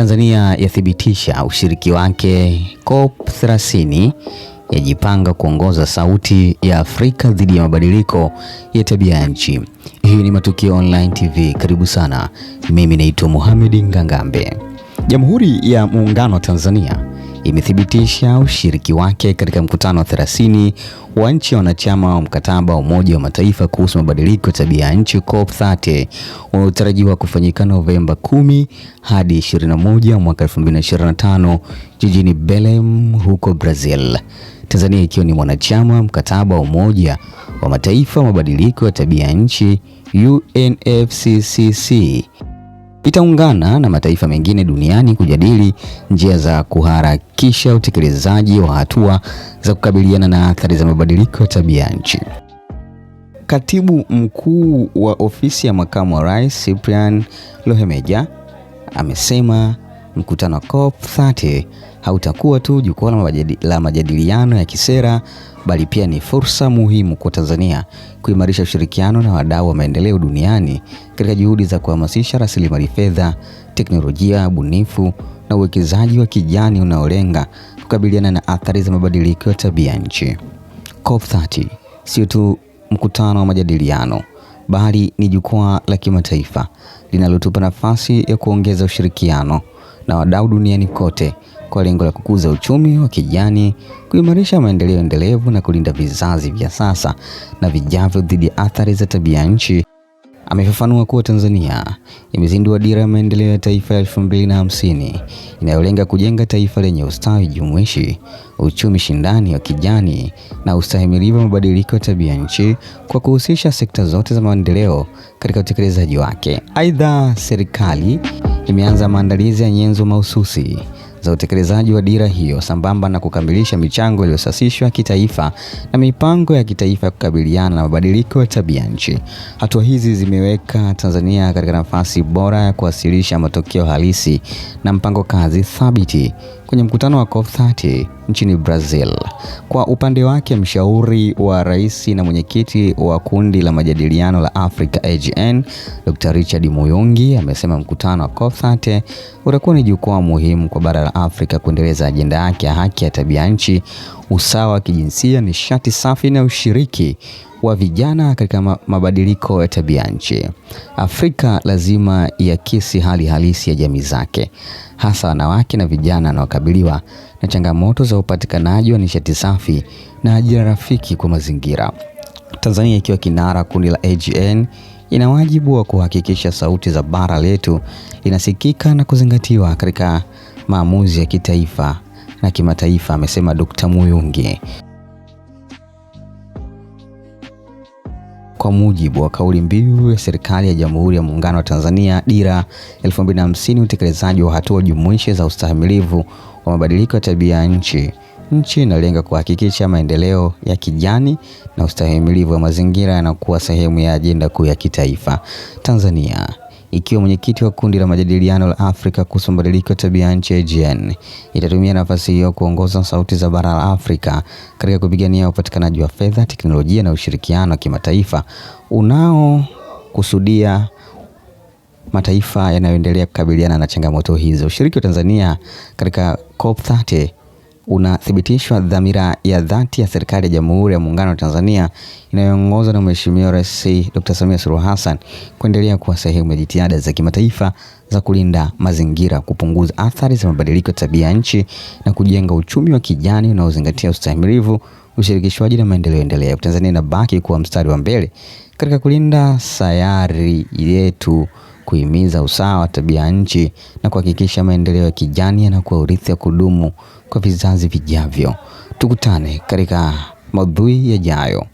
Tanzania yathibitisha ushiriki wake COP 30, yajipanga kuongoza sauti ya Afrika dhidi ya mabadiliko ya tabia ya nchi. Hii ni Matukio Online TV, karibu sana. Mimi naitwa Mohamed Ngangambe. Jamhuri ya Muungano wa Tanzania imethibitisha ushiriki wake katika mkutano wa 30 wa nchi wanachama wa mkataba wa Umoja wa Mataifa kuhusu mabadiliko ya tabia ya nchi COP30 unaotarajiwa kufanyika Novemba 10 hadi 21 mwaka 2025 jijini Belem huko Brazil. Tanzania ikiwa ni mwanachama mkataba wa Umoja wa Mataifa mabadiliko ya tabia ya nchi UNFCCC itaungana na mataifa mengine duniani kujadili njia za kuharakisha utekelezaji wa hatua za kukabiliana na athari za mabadiliko ya tabia nchi. Katibu mkuu wa ofisi ya makamu wa rais Cyprian lohemeja amesema mkutano wa COP30 hautakuwa tu jukwaa la majadiliano ya kisera bali pia ni fursa muhimu kwa Tanzania kuimarisha ushirikiano na wadau wa maendeleo duniani katika juhudi za kuhamasisha rasilimali fedha, teknolojia bunifu na uwekezaji wa kijani unaolenga kukabiliana na athari za mabadiliko ya tabia nchi. COP30 sio tu mkutano wa majadiliano bali ni jukwaa la kimataifa linalotupa nafasi ya kuongeza ushirikiano na wadau duniani kote kwa lengo la kukuza uchumi wa kijani, kuimarisha maendeleo endelevu na kulinda vizazi vya sasa na vijavyo dhidi ya athari za tabia nchi. Amefafanua kuwa Tanzania imezindua dira ya maendeleo ya taifa ya elfu mbili na hamsini inayolenga kujenga taifa lenye ustawi jumuishi, uchumi shindani wa kijani na ustahimilivu wa mabadiliko ya tabia nchi kwa kuhusisha sekta zote za maendeleo katika utekelezaji wake. Aidha, serikali imeanza maandalizi ya nyenzo mahususi za utekelezaji wa dira hiyo sambamba na kukamilisha michango iliyosasishwa kitaifa na mipango ya kitaifa ya kukabiliana na mabadiliko ya tabia nchi. Hatua hizi zimeweka Tanzania katika nafasi bora ya kuwasilisha matokeo halisi na mpango kazi thabiti kwenye mkutano wa COP30 nchini Brazil. Kwa upande wake, mshauri wa rais na mwenyekiti wa kundi la majadiliano la africa AGN, Dr. Richard Muyungi amesema mkutano wa COP30 utakuwa ni jukwaa muhimu kwa bara la Afrika kuendeleza ajenda yake ya haki ya tabia nchi usawa wa kijinsia, nishati safi na ushiriki wa vijana katika mabadiliko ya tabia nchi. Afrika lazima iakisi hali halisi ya jamii zake, hasa wanawake na vijana wanaokabiliwa na changamoto za upatikanaji wa nishati safi na ajira rafiki kwa mazingira. Tanzania ikiwa kinara kundi la AGN ina wajibu wa kuhakikisha sauti za bara letu linasikika na kuzingatiwa katika maamuzi ya kitaifa na kimataifa, amesema Dr. Muyungi. Kwa mujibu wa kauli mbiu ya serikali ya Jamhuri ya Muungano wa Tanzania Dira 2050 utekelezaji wa hatua jumuishi za ustahimilivu wa mabadiliko ya tabia ya nchi, nchi inalenga kuhakikisha maendeleo ya kijani na ustahimilivu wa mazingira yanakuwa sehemu ya ajenda kuu ya kitaifa. Tanzania ikiwa mwenyekiti wa kundi la majadiliano la Afrika kuhusu mabadiliko ya tabia nchi AGN itatumia nafasi hiyo kuongoza sauti za bara la Afrika katika kupigania upatikanaji wa fedha, teknolojia na ushirikiano wa kimataifa unaokusudia mataifa yanayoendelea kukabiliana na changamoto hizo. Ushiriki wa Tanzania katika COP30 unathibitishwa dhamira ya dhati ya serikali ya Jamhuri ya Muungano wa Tanzania inayoongozwa na Mheshimiwa Rais Dr. Samia Suluhu Hassan kuendelea kuwa sehemu ya jitihada za kimataifa za kulinda mazingira, kupunguza athari za mabadiliko ya tabia ya nchi na kujenga uchumi wa kijani unaozingatia ustahimilivu, ushirikishwaji na maendeleo endelevu. Tanzania inabaki kuwa mstari wa mbele katika kulinda sayari yetu kuhimiza usawa wa tabia nchi na kuhakikisha maendeleo ya kijani yanakuwa urithi wa kudumu kwa vizazi vijavyo. Tukutane katika maudhui yajayo.